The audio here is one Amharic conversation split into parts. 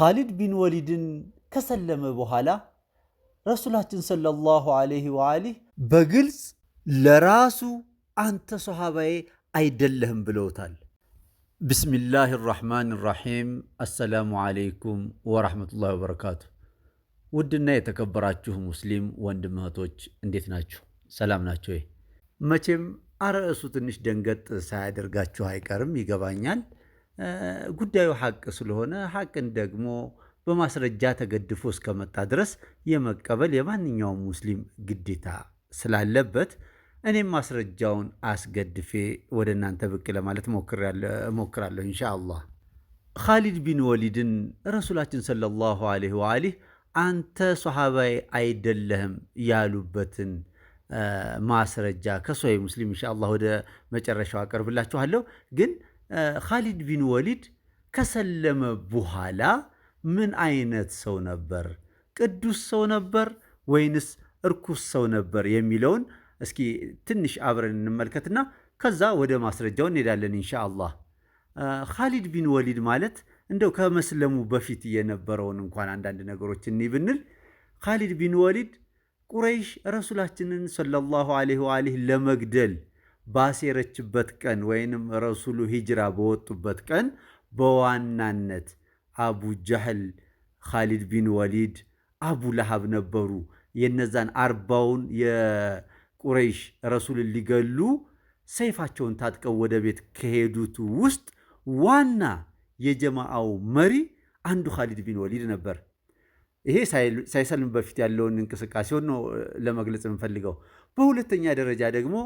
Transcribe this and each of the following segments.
ኻሊድ ቢን ወሊድን ከሰለመ በኋላ ረሱላችን ሰለላሁ ዐለይሂ ወአሊህ በግልጽ ለራሱ አንተ ሶሓባዬ አይደለህም ብለውታል። ብስሚላህ ራሕማን ራሒም። አሰላሙ ዓለይኩም ወራሕመቱላሂ ወበረካቱ። ውድና የተከበራችሁ ሙስሊም ወንድም እህቶች እንዴት ናችሁ? ሰላም ናቸው መቼም አርዕሱ ትንሽ ደንገጥ ሳያደርጋችሁ አይቀርም ይገባኛል። ጉዳዩ ሀቅ ስለሆነ ሀቅን ደግሞ በማስረጃ ተገድፎ እስከመጣ ድረስ የመቀበል የማንኛውም ሙስሊም ግዴታ ስላለበት እኔም ማስረጃውን አስገድፌ ወደ እናንተ ብቅ ለማለት ሞክራለሁ። እንሻ አላህ። ኻሊድ ቢን ወሊድን ረሱላችን ሰለላሁ ዐለይሂ ወአሊህ አንተ ሶሐባይ አይደለህም ያሉበትን ማስረጃ ከሶሒህ ሙስሊም እንሻ ወደ መጨረሻው አቀርብላችኋለሁ ግን ኻሊድ ቢን ወሊድ ከሰለመ በኋላ ምን አይነት ሰው ነበር? ቅዱስ ሰው ነበር ወይንስ እርኩስ ሰው ነበር የሚለውን እስኪ ትንሽ አብረን እንመልከትና ከዛ ወደ ማስረጃው እንሄዳለን ኢንሻአላህ። ኻሊድ ቢን ወሊድ ማለት እንደው ከመስለሙ በፊት የነበረውን እንኳን አንዳንድ ነገሮች እኒ ብንል ኻሊድ ቢን ወሊድ ቁረይሽ ረሱላችንን ሰለላሁ ዐለይሂ ወአሊሂ ለመግደል ባሴረችበት ቀን ወይንም ረሱሉ ሂጅራ በወጡበት ቀን በዋናነት አቡ ጃህል፣ ካሊድ ቢን ወሊድ፣ አቡ ለሃብ ነበሩ። የነዛን አርባውን የቁረይሽ ረሱልን ሊገሉ ሰይፋቸውን ታጥቀው ወደ ቤት ከሄዱት ውስጥ ዋና የጀማአው መሪ አንዱ ካሊድ ቢን ወሊድ ነበር። ይሄ ሳይሰልም በፊት ያለውን እንቅስቃሴውን ነው ለመግለጽ የምፈልገው። በሁለተኛ ደረጃ ደግሞ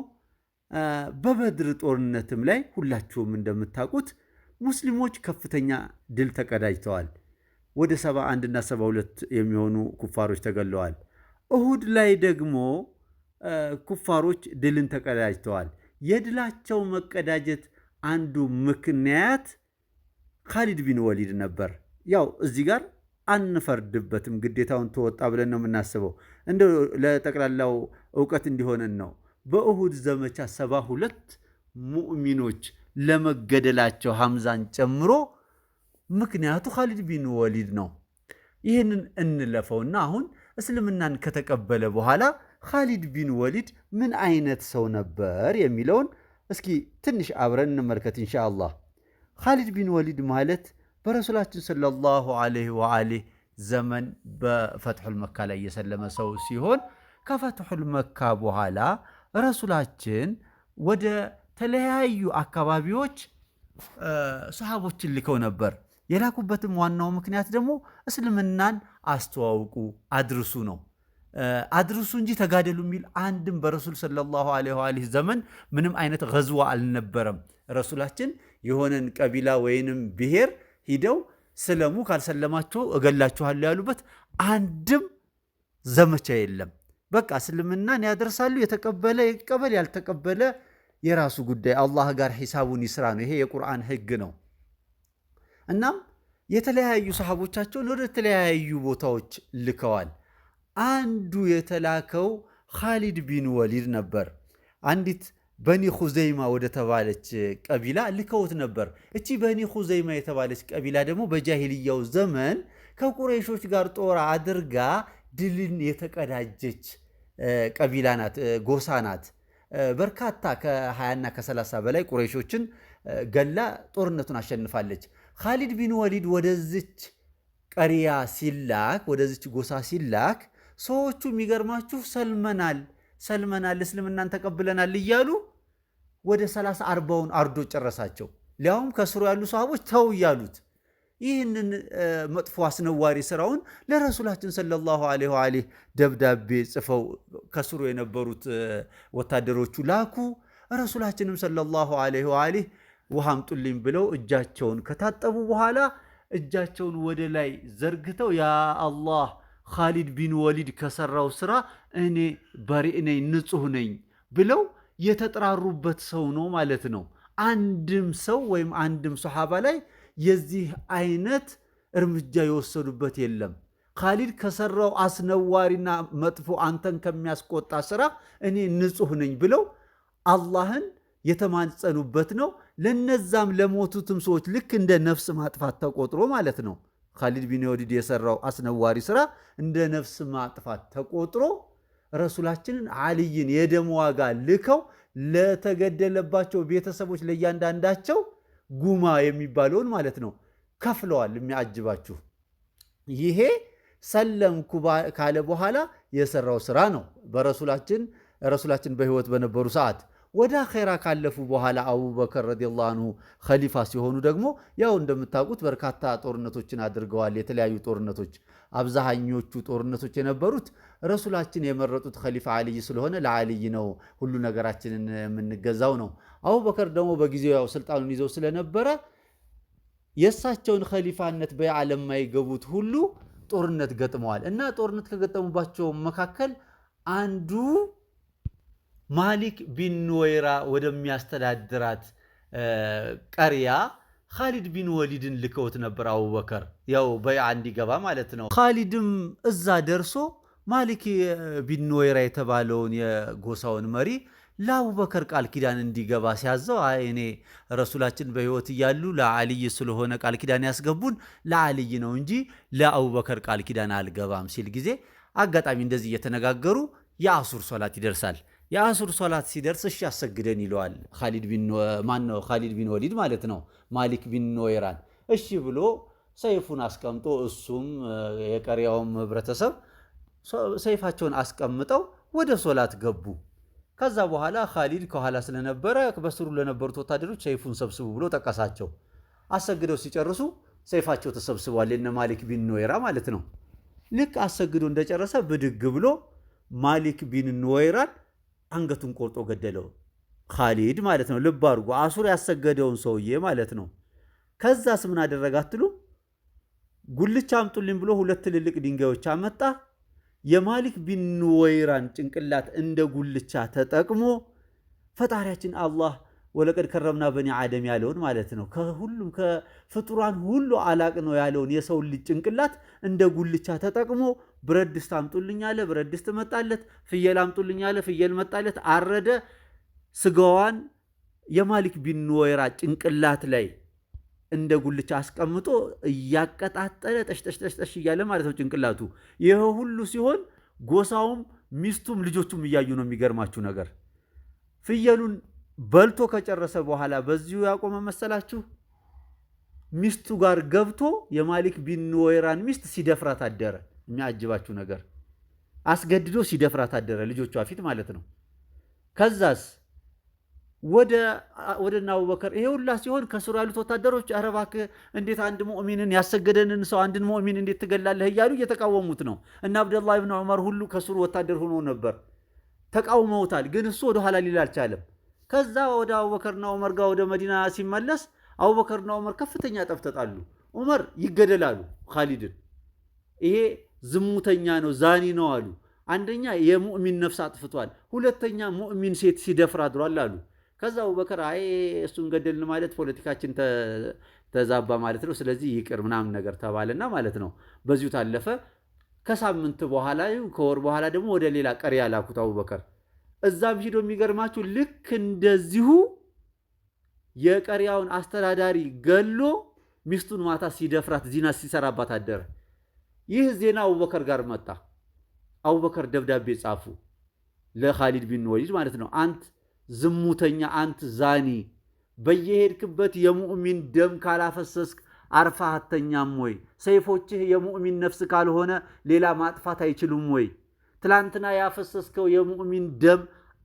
በበድር ጦርነትም ላይ ሁላችሁም እንደምታውቁት ሙስሊሞች ከፍተኛ ድል ተቀዳጅተዋል። ወደ 71 እና 72 የሚሆኑ ኩፋሮች ተገለዋል። እሁድ ላይ ደግሞ ኩፋሮች ድልን ተቀዳጅተዋል። የድላቸው መቀዳጀት አንዱ ምክንያት ካሊድ ቢን ወሊድ ነበር። ያው እዚህ ጋር አንፈርድበትም፣ ግዴታውን ተወጣ ብለን ነው የምናስበው። እንደ ለጠቅላላው እውቀት እንዲሆነን ነው። በእሁድ ዘመቻ ሰባ ሁለት ሙእሚኖች ለመገደላቸው ሐምዛን ጨምሮ ምክንያቱ ኻሊድ ቢን ወሊድ ነው። ይህንን እንለፈውና አሁን እስልምናን ከተቀበለ በኋላ ኻሊድ ቢን ወሊድ ምን አይነት ሰው ነበር የሚለውን እስኪ ትንሽ አብረን እንመልከት እንሻ አላህ። ኻሊድ ቢን ወሊድ ማለት በረሱላችን ሰለላሁ ዐለይሂ ወአሊህ ዘመን በፈትሑል መካ ላይ የሰለመ ሰው ሲሆን ከፈትሑል መካ በኋላ ረሱላችን ወደ ተለያዩ አካባቢዎች ሰሃቦችን ልከው ነበር። የላኩበትም ዋናው ምክንያት ደግሞ እስልምናን አስተዋውቁ አድርሱ ነው። አድርሱ እንጂ ተጋደሉ የሚል አንድም በረሱል ሰለላሁ ዐለይሂ ዘመን ምንም አይነት ገዝዋ አልነበረም። ረሱላችን የሆነን ቀቢላ ወይንም ብሔር ሂደው ስለሙ ካልሰለማቸው እገላችኋለሁ ያሉበት አንድም ዘመቻ የለም። በቃ እስልምናን ያደርሳሉ። የተቀበለ ይቀበል፣ ያልተቀበለ የራሱ ጉዳይ፣ አላህ ጋር ሂሳቡን ይስራ ነው። ይሄ የቁርአን ህግ ነው። እናም የተለያዩ ሰሃቦቻቸውን ወደ ተለያዩ ቦታዎች ልከዋል። አንዱ የተላከው ካሊድ ቢን ወሊድ ነበር። አንዲት በኒ ሁዘይማ ወደ ተባለች ቀቢላ ልከውት ነበር። እቺ በኒ ሁዘይማ የተባለች ቀቢላ ደግሞ በጃሂልያው ዘመን ከቁረይሾች ጋር ጦር አድርጋ ድልን የተቀዳጀች ቀቢላ ናት፣ ጎሳ ናት። በርካታ ከ20ና ከ30 በላይ ቁረይሾችን ገላ ጦርነቱን አሸንፋለች። ካሊድ ቢን ወሊድ ወደዚች ቀሪያ ሲላክ፣ ወደዚች ጎሳ ሲላክ ሰዎቹ የሚገርማችሁ ሰልመናል፣ ሰልመናል እስልምናን ተቀብለናል እያሉ ወደ 30 አርባውን አርዶ ጨረሳቸው። ሊያውም ከስሩ ያሉ ሰሃቦች ተው እያሉት ይህንን መጥፎ አስነዋሪ ስራውን ለረሱላችን ሰለላሁ ዐለይሂ ወአሊህ ደብዳቤ ጽፈው ከስሩ የነበሩት ወታደሮቹ ላኩ። ረሱላችንም ሰለላሁ ዐለይሂ ወአሊህ ውሃም ጡልኝ ብለው እጃቸውን ከታጠቡ በኋላ እጃቸውን ወደ ላይ ዘርግተው ያ አላህ ኻሊድ ቢን ወሊድ ከሰራው ስራ እኔ በሪእ ነኝ፣ ንጹህ ነኝ ብለው የተጠራሩበት ሰው ነው ማለት ነው። አንድም ሰው ወይም አንድም ሰሓባ ላይ የዚህ አይነት እርምጃ የወሰዱበት የለም። ካሊድ ከሰራው አስነዋሪና መጥፎ አንተን ከሚያስቆጣ ስራ እኔ ንጹህ ነኝ ብለው አላህን የተማጸኑበት ነው። ለነዛም ለሞቱትም ሰዎች ልክ እንደ ነፍስ ማጥፋት ተቆጥሮ ማለት ነው። ካሊድ ቢን ወሊድ የሰራው አስነዋሪ ስራ እንደ ነፍስ ማጥፋት ተቆጥሮ ረሱላችንን አልይን የደም ዋጋ ልከው ለተገደለባቸው ቤተሰቦች ለእያንዳንዳቸው ጉማ የሚባለውን ማለት ነው ከፍለዋል። የሚያጅባችሁ ይሄ ሰለምኩ ካለ በኋላ የሰራው ስራ ነው። በረሱላችን ረሱላችን በህይወት በነበሩ ሰዓት ወደ አኼራ ካለፉ በኋላ አቡበከር ረዲየላሁ አንሁ ኸሊፋ ሲሆኑ ደግሞ ያው እንደምታውቁት በርካታ ጦርነቶችን አድርገዋል። የተለያዩ ጦርነቶች፣ አብዛሃኞቹ ጦርነቶች የነበሩት ረሱላችን የመረጡት ኸሊፋ አልይ ስለሆነ ለአልይ ነው ሁሉ ነገራችንን የምንገዛው ነው አቡበከር ደግሞ በጊዜው ያው ስልጣኑን ይዘው ስለነበረ የእሳቸውን ከሊፋነት በይዓ ለማይገቡት ሁሉ ጦርነት ገጥመዋል እና ጦርነት ከገጠሙባቸው መካከል አንዱ ማሊክ ቢን ወይራ ወደሚያስተዳድራት ቀሪያ ካሊድ ቢን ወሊድን ልከውት ነበር። አቡበከር ያው በይዓ እንዲገባ ማለት ነው። ካሊድም እዛ ደርሶ ማሊክ ቢን ወይራ የተባለውን የጎሳውን መሪ ለአቡበከር ቃል ኪዳን እንዲገባ ሲያዘው እኔ ረሱላችን በህይወት እያሉ ለአልይ ስለሆነ ቃል ኪዳን ያስገቡን ለአልይ ነው እንጂ ለአቡበከር ቃል ኪዳን አልገባም ሲል ጊዜ አጋጣሚ እንደዚህ እየተነጋገሩ የአሱር ሶላት ይደርሳል። የአሱር ሶላት ሲደርስ እሺ አሰግደን ይለዋል። ኻሊድ ማነው ካሊድ ቢን ወሊድ ማለት ነው። ማሊክ ቢን ኖይራን እሺ ብሎ ሰይፉን አስቀምጦ እሱም የቀሪያውም ህብረተሰብ ሰይፋቸውን አስቀምጠው ወደ ሶላት ገቡ። ከዛ በኋላ ካሊድ ከኋላ ስለነበረ በስሩ ለነበሩት ወታደሮች ሰይፉን ሰብስቡ ብሎ ጠቀሳቸው። አሰግደው ሲጨርሱ ሰይፋቸው ተሰብስቧል። የነ ማሊክ ቢን ኖይራ ማለት ነው። ልክ አሰግዶ እንደጨረሰ ብድግ ብሎ ማሊክ ቢን ኖይራን አንገቱን ቆርጦ ገደለው። ካሊድ ማለት ነው። ልብ አድርጎ አሱር ያሰገደውን ሰውዬ ማለት ነው። ከዛስ ምን አደረጋትሉ? ጉልቻ አምጡልኝ ብሎ ሁለት ትልልቅ ድንጋዮች አመጣ። የማሊክ ቢን ኑወይራን ጭንቅላት እንደ ጉልቻ ተጠቅሞ ፈጣሪያችን አላህ ወለቀድ ከረምና በኒ አደም ያለውን ማለት ነው። ከሁሉም ከፍጡራን ሁሉ አላቅ ነው ያለውን የሰው ልጅ ጭንቅላት እንደ ጉልቻ ተጠቅሞ ብረት ድስት አምጡልኝ አለ፣ ብረት ድስት መጣለት። ፍየል አምጡልኝ አለ፣ ፍየል መጣለት። አረደ። ስጋዋን የማሊክ ቢን ኑወይራ ጭንቅላት ላይ እንደ ጉልቻ አስቀምጦ እያቀጣጠለ ጠሽጠሽጠሽጠሽ እያለ ማለት ነው ጭንቅላቱ። ይህ ሁሉ ሲሆን ጎሳውም ሚስቱም ልጆቹም እያዩ ነው። የሚገርማችሁ ነገር ፍየሉን በልቶ ከጨረሰ በኋላ በዚሁ ያቆመ መሰላችሁ። ሚስቱ ጋር ገብቶ የማሊክ ቢን ወይራን ሚስት ሲደፍራት አደረ። የሚያጅባችሁ ነገር አስገድዶ ሲደፍራት አደረ፣ ልጆቿ ፊት ማለት ነው። ከዛስ ወደ ወደና አቡበከር ይሄ ሁላ ሲሆን ከስሩ ያሉት ወታደሮች ኧረ እባክህ እንዴት አንድ ሙእሚንን ያሰገደንን ሰው አንድን ሙእሚን እንዴት ትገላለህ? እያሉ እየተቃወሙት ነው። እና አብደላህ ብን ዑመር ሁሉ ከስሩ ወታደር ሆኖ ነበር፣ ተቃውመውታል። ግን እሱ ወደ ኋላ ሊል አልቻለም። ከዛ ወደ አቡበከርና ዑመር ጋር ወደ መዲና ሲመለስ አቡበከርና ዑመር ከፍተኛ ጠፍተጣሉ። ዑመር ይገደላሉ ካሊድን ይሄ ዝሙተኛ ነው፣ ዛኒ ነው አሉ። አንደኛ የሙእሚን ነፍስ አጥፍቷል፣ ሁለተኛ ሙእሚን ሴት ሲደፍር አድሯል አሉ። ከዛው በቀር አይ እሱን ገደልን ማለት ፖለቲካችን ተዛባ ማለት ነው፣ ስለዚህ ይቅር ምናምን ነገር ተባለና ማለት ነው። በዚሁ ታለፈ። ከሳምንት በኋላ ከወር በኋላ ደግሞ ወደ ሌላ ቀሪ ያላኩት አቡበከር እዛም ሂዶ የሚገርማችሁ ልክ እንደዚሁ የቀሪያውን አስተዳዳሪ ገሎ ሚስቱን ማታ ሲደፍራት ዜና ሲሰራባት አደረ። ይህ ዜና አቡበከር ጋር መጣ። አቡበከር ደብዳቤ ጻፉ ለካሊድ ቢን ወሊድ ማለት ነው አንት ዝሙተኛ አንት ዛኒ በየሄድክበት የሙእሚን ደም ካላፈሰስክ አርፋ አተኛም ወይ? ሰይፎችህ የሙእሚን ነፍስ ካልሆነ ሌላ ማጥፋት አይችሉም ወይ? ትላንትና ያፈሰስከው የሙእሚን ደም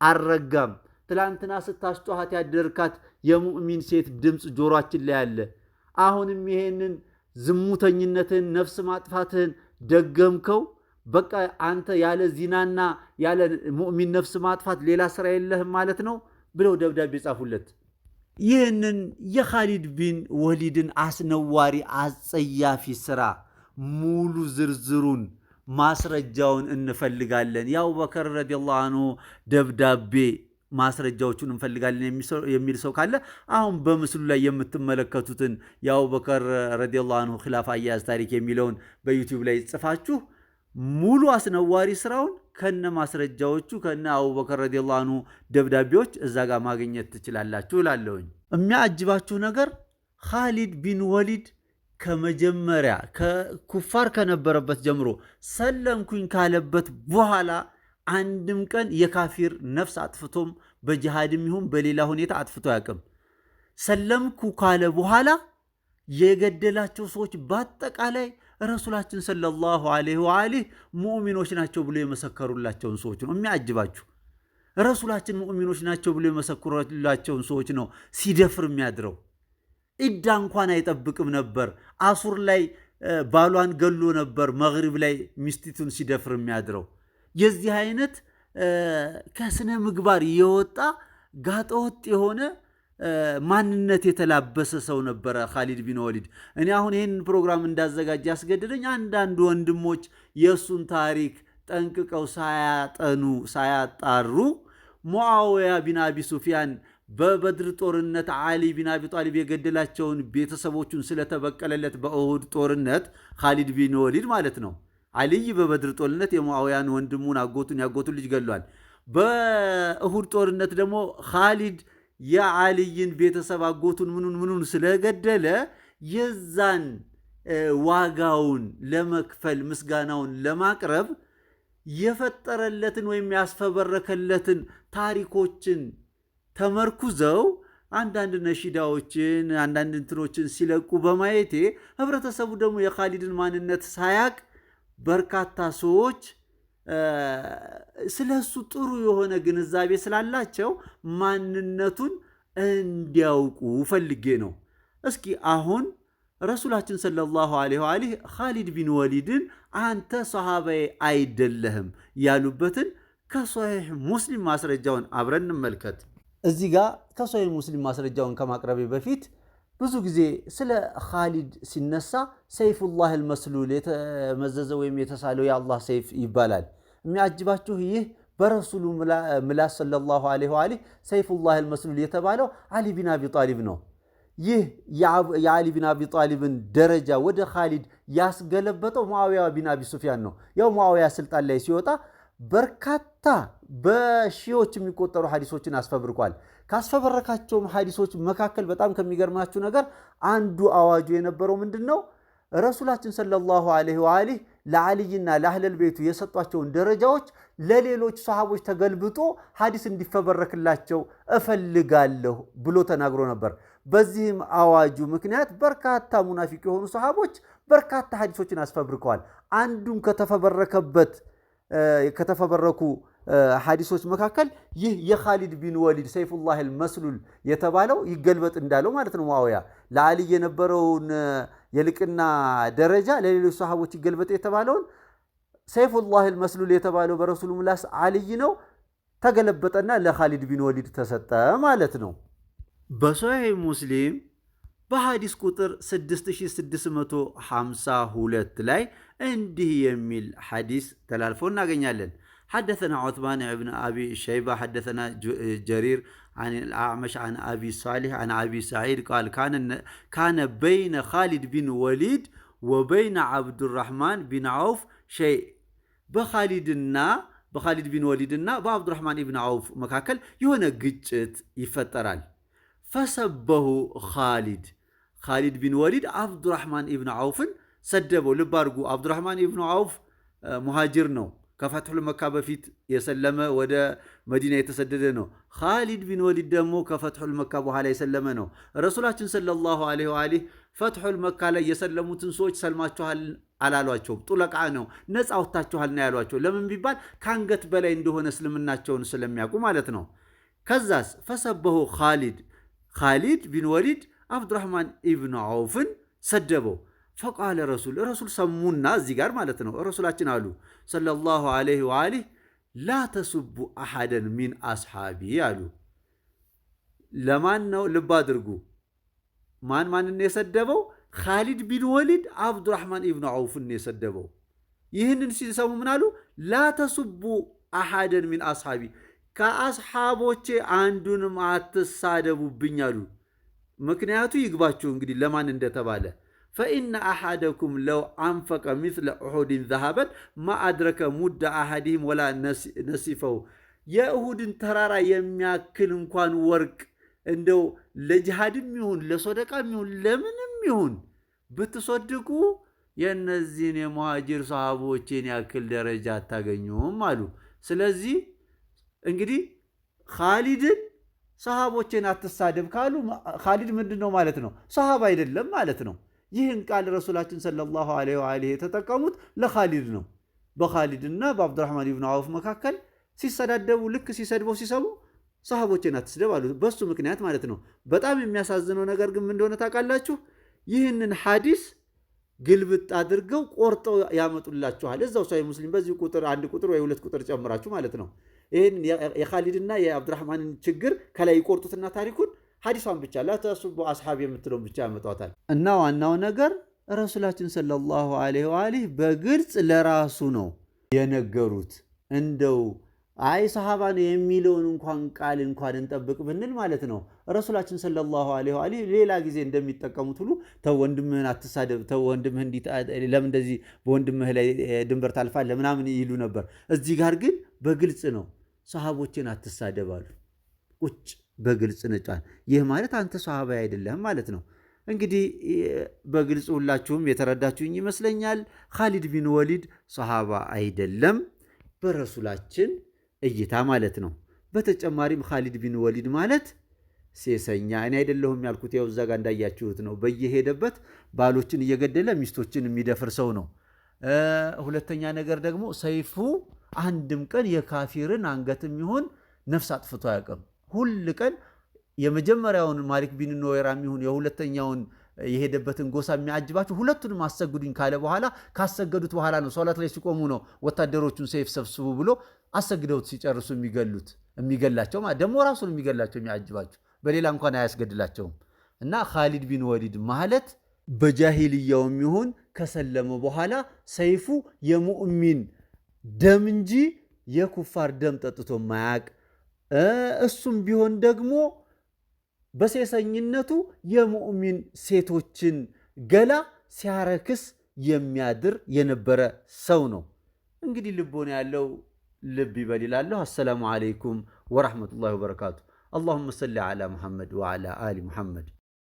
አልረጋም። ትላንትና ስታስጮኋት ያደርካት የሙእሚን ሴት ድምፅ ጆሯችን ላይ አለ። አሁንም ይሄንን ዝሙተኝነትህን ነፍስ ማጥፋትህን ደገምከው። በቃ አንተ ያለ ዚናና ያለ ሙእሚን ነፍስ ማጥፋት ሌላ ስራ የለህም ማለት ነው ብለው ደብዳቤ ጻፉለት። ይህንን የኻሊድ ቢን ወሊድን አስነዋሪ አጸያፊ ስራ ሙሉ ዝርዝሩን ማስረጃውን እንፈልጋለን። የአቡበከር ረዲየላሁ አንሁ ደብዳቤ ማስረጃዎቹን እንፈልጋለን የሚል ሰው ካለ አሁን በምስሉ ላይ የምትመለከቱትን የአቡበከር ረዲየላሁ አንሁ ኪላፍ አያያዝ ታሪክ የሚለውን በዩቲዩብ ላይ ጽፋችሁ ሙሉ አስነዋሪ ስራውን ከነ ማስረጃዎቹ ከነ አቡበከር ረዲየላሁ አንሁ ደብዳቤዎች እዛ ጋር ማግኘት ትችላላችሁ እላለሁኝ። የሚያጅባችሁ ነገር ኻሊድ ቢን ወሊድ ከመጀመሪያ ከኩፋር ከነበረበት ጀምሮ ሰለምኩኝ ካለበት በኋላ አንድም ቀን የካፊር ነፍስ አጥፍቶም በጅሃድም ይሁን በሌላ ሁኔታ አጥፍቶ አያውቅም። ሰለምኩ ካለ በኋላ የገደላቸው ሰዎች በአጠቃላይ ረሱላችን ሰለላሁ ዐለይሂ ወአሊህ ሙእሚኖች ናቸው ብሎ የመሰከሩላቸውን ሰዎች ነው የሚያጅባችሁ። ረሱላችን ሙእሚኖች ናቸው ብሎ የመሰከሩላቸውን ሰዎች ነው ሲደፍር የሚያድረው። ኢዳ እንኳን አይጠብቅም ነበር። አሱር ላይ ባሏን ገሎ ነበር፣ መግሪብ ላይ ሚስቲቱን ሲደፍር የሚያድረው። የዚህ አይነት ከስነ ምግባር የወጣ ጋጠወጥ የሆነ ማንነት የተላበሰ ሰው ነበረ ካሊድ ቢን ወሊድ። እኔ አሁን ይህን ፕሮግራም እንዳዘጋጅ ያስገደደኝ አንዳንድ ወንድሞች የእሱን ታሪክ ጠንቅቀው ሳያጠኑ ሳያጣሩ ሙዓውያ ቢን አቢ ሱፊያን በበድር ጦርነት ዓሊ ቢን አቢ ጣሊብ የገደላቸውን ቤተሰቦቹን ስለተበቀለለት በእሁድ ጦርነት ካሊድ ቢን ወሊድ ማለት ነው። አልይ በበድር ጦርነት የሙዓውያን ወንድሙን አጎቱን ያጎቱን ልጅ ገሏል። በእሁድ ጦርነት ደግሞ ካሊድ የአልይን ቤተሰብ አጎቱን ምኑን ምኑን ስለገደለ የዛን ዋጋውን ለመክፈል ምስጋናውን ለማቅረብ የፈጠረለትን ወይም ያስፈበረከለትን ታሪኮችን ተመርኩዘው አንዳንድ ነሺዳዎችን አንዳንድ እንትኖችን ሲለቁ በማየቴ ህብረተሰቡ ደግሞ የካሊድን ማንነት ሳያቅ በርካታ ሰዎች ስለ እሱ ጥሩ የሆነ ግንዛቤ ስላላቸው ማንነቱን እንዲያውቁ ፈልጌ ነው። እስኪ አሁን ረሱላችን ሰለላሁ ዐለይሂ ወአሊህ ኻሊድ ቢን ወሊድን አንተ ሰሃባዬ አይደለህም ያሉበትን ከሶሒሕ ሙስሊም ማስረጃውን አብረን እንመልከት። እዚ ጋ ከሶሒሕ ሙስሊም ማስረጃውን ከማቅረቤ በፊት ብዙ ጊዜ ስለ ኻሊድ ሲነሳ ሰይፉላህ አልመስሉል የተመዘዘ ወይም የተሳለው የአላህ ሰይፍ ይባላል። የሚያጅባችሁ ይህ በረሱሉ ምላስ ሰለላሁ ዐለይሂ ወአሊህ ሰይፉላህ አልመስሉል የተባለው አሊ ቢን አቢ ጣሊብ ነው። ይህ የአሊ ቢን አቢ ጣሊብን ደረጃ ወደ ካሊድ ያስገለበጠው ሙዓዊያ ቢን አቢ ሱፊያን ነው። ያው ሙዓዊያ ስልጣን ላይ ሲወጣ በርካታ በሺዎች የሚቆጠሩ ሐዲሶችን አስፈብርኳል። ካስፈበረካቸውም ሐዲሶች መካከል በጣም ከሚገርማችሁ ነገር አንዱ አዋጁ የነበረው ምንድን ነው? ረሱላችን ሰለላሁ ዐለይሂ ወአሊህ ለአልይና ለአህለል ቤቱ የሰጧቸውን ደረጃዎች ለሌሎች ሰሃቦች ተገልብጦ ሀዲስ እንዲፈበረክላቸው እፈልጋለሁ ብሎ ተናግሮ ነበር። በዚህም አዋጁ ምክንያት በርካታ ሙናፊቅ የሆኑ ሰሃቦች በርካታ ሀዲሶችን አስፈብርከዋል። አንዱም ከተፈበረከበት ከተፈበረኩ ሀዲሶች መካከል ይህ የኻሊድ ቢን ወሊድ ሰይፉላህ መስሉል የተባለው ይገልበጥ እንዳለው ማለት ነው። ሙአውያ ለአልይ የነበረውን የልቅና ደረጃ ለሌሎች ሰሃቦች ይገልበጥ የተባለውን ሰይፉላህ አልመስሉል የተባለው በረሱሉ ምላስ አልይ ነው ተገለበጠና ለኻሊድ ቢን ወሊድ ተሰጠ ማለት ነው። በሶሒህ ሙስሊም በሐዲስ ቁጥር 6652 ላይ እንዲህ የሚል ሐዲስ ተላልፎ እናገኛለን። ሐደተና ዑትባን ብን አቢ ሸይባ ሐደተና ጀሪር አመሽ አን አቢ ሳሊሕ አን አቢ ሳዒድ ቃል ካነ በይነ ካሊድ ቢን ወሊድ ወበይነ ዓብዱራሕማን ቢን ዓውፍ ሸይ በካሊድና በካሊድ ቢን ወሊድና በአብዱራሕማን ብን ዓውፍ መካከል የሆነ ግጭት ይፈጠራል። ፈሰበሁ ካሊድ ካሊድ ቢን ወሊድ አብዱራሕማን ብን ዓውፍን ሰደበው። ልብ አድርጉ፣ አብዱራሕማን ብን ዓውፍ ሙሃጅር ነው። ከፈትሑል መካ በፊት የሰለመ ወደ መዲና የተሰደደ ነው። ካሊድ ቢን ወሊድ ደግሞ ከፈትሑል መካ በኋላ የሰለመ ነው። ረሱላችን ሰለላሁ ዐለይሂ ወአሊህ ፈትሑል መካ ላይ የሰለሙትን ሰዎች ሰልማችኋል አላሏቸውም። ጡለቃ ነው ነፃ አውጥታችኋል ና ያሏቸው። ለምን ቢባል ከአንገት በላይ እንደሆነ እስልምናቸውን ስለሚያውቁ ማለት ነው። ከዛስ ፈሰበሁ ካሊድ ካሊድ ቢን ወሊድ አብዱራህማን ኢብኑ ዐውፍን ሰደበው። ፈቃለ ረሱል ረሱል ሰሙና እዚህ ጋር ማለት ነው። ረሱላችን አሉ ሰለላሁ አለይህ ወአሊህ ላ ተሱቡ አሐደን ሚን አስሓቢ አሉ። ለማን ነው ልብ አድርጉ። ማን ማንን የሰደበው? ካሊድ ቢን ወሊድ አብዱራሕማን ኢብኑ ዐውፍን የሰደበው። ይህንን ሲሰሙ ምን አሉ? ላ ተሱቡ አሐደን ሚን አስሓቢ ከአስሓቦቼ አንዱንም አትሳደቡብኝ አሉ። ምክንያቱ ይግባችሁ እንግዲህ ለማን እንደተባለ ፈኢነ አሓደኩም ለው አንፈቀ ሚስለ ኡሑድን ዘሃበን ማአድረከ ሙደ አሃዲህም ወላ ነሲፈው የእሁድን ተራራ የሚያክል እንኳን ወርቅ እንደው ለጅሃድም ይሁን ለሶደቃም ይሁን ለምንም ይሁን ብትሶድቁ የእነዚህን የመሃጅር ሰሃቦችን ያክል ደረጃ አታገኙም አሉ። ስለዚህ እንግዲህ ካሊድን ሰሃቦችን አትሳደብ ካሉ ካሊድ ምንድን ነው ማለት ነው? ሰሃብ አይደለም ማለት ነው። ይህን ቃል ረሱላችን ሰለላሁ ዐለይሂ የተጠቀሙት ለኻሊድ ነው። በኻሊድና በአብዱራህማን ብን አውፍ መካከል ሲሰዳደቡ ልክ ሲሰድበው ሲሰቡ ሰሃቦችን አትስደብ አሉ። በሱ ምክንያት ማለት ነው። በጣም የሚያሳዝነው ነገር ግን እንደሆነ ታውቃላችሁ፣ ይህንን ሐዲስ ግልብጥ አድርገው ቆርጠው ያመጡላችኋል። እዛው ሳይ ሙስሊም በዚህ ቁጥር አንድ ቁጥር ወይ ሁለት ቁጥር ጨምራችሁ ማለት ነው። ይህን የኻሊድና የአብዱራህማንን ችግር ከላይ ይቆርጡትና ታሪኩን ሀዲሷን ብቻ ላተሱቡ አስሓብ የምትለውን ብቻ ያመጧታል። እና ዋናው ነገር ረሱላችን ሰለላሁ ዐለይሂ ወአሊህ በግልጽ ለራሱ ነው የነገሩት። እንደው አይ ሰሃባ ነው የሚለውን እንኳን ቃል እንኳን እንጠብቅ ብንል ማለት ነው ረሱላችን ሰለላሁ ዐለይሂ ወአሊህ ሌላ ጊዜ እንደሚጠቀሙት ሁሉ ተው ወንድምህን አትሳደብ፣ ተው ወንድምህ ለምን እንደዚህ በወንድምህ ላይ ድንበር ታልፋለህ ምናምን ይሉ ነበር። እዚህ ጋር ግን በግልጽ ነው ሰሃቦችን አትሳደባሉ ቁጭ በግልጽ ንጯል። ይህ ማለት አንተ ሰሃባ አይደለህም ማለት ነው። እንግዲህ በግልጽ ሁላችሁም የተረዳችሁኝ ይመስለኛል። ካሊድ ቢን ወሊድ ሰሃባ አይደለም በረሱላችን እይታ ማለት ነው። በተጨማሪም ካሊድ ቢን ወሊድ ማለት ሴሰኛ እኔ አይደለሁም ያልኩት ያው እዛ እንዳያችሁት ነው። በየሄደበት ባሎችን እየገደለ ሚስቶችን የሚደፍር ሰው ነው። ሁለተኛ ነገር ደግሞ ሰይፉ አንድም ቀን የካፊርን አንገት የሚሆን ነፍስ አጥፍቶ አያውቅም። ሁል ቀን የመጀመሪያውን ማሊክ ቢን ኖዌራ የሚሆን የሁለተኛውን የሄደበትን ጎሳ የሚያጅባቸው ሁለቱንም አሰግዱኝ ካለ በኋላ ካሰገዱት በኋላ ነው ሶላት ላይ ሲቆሙ ነው ወታደሮቹን ሰይፍ ሰብስቡ ብሎ አሰግደውት ሲጨርሱ የሚገሉት የሚገላቸው ደግሞ ራሱን የሚገላቸው የሚያጅባቸው በሌላ እንኳን አያስገድላቸውም። እና ካሊድ ቢን ወሊድ ማለት በጃሂልያው የሚሆን ከሰለመ በኋላ ሰይፉ የሙእሚን ደም እንጂ የኩፋር ደም ጠጥቶ ማያቅ እሱም ቢሆን ደግሞ በሴሰኝነቱ የሙእሚን ሴቶችን ገላ ሲያረክስ የሚያድር የነበረ ሰው ነው። እንግዲህ ልቦን ያለው ልብ ይበል ይላለሁ። አሰላሙ አለይኩም ወራህመቱላሂ ወበረካቱ። አላሁመ ሰሊ ዓላ ሙሐመድ ወዓላ አሊ ሙሐመድ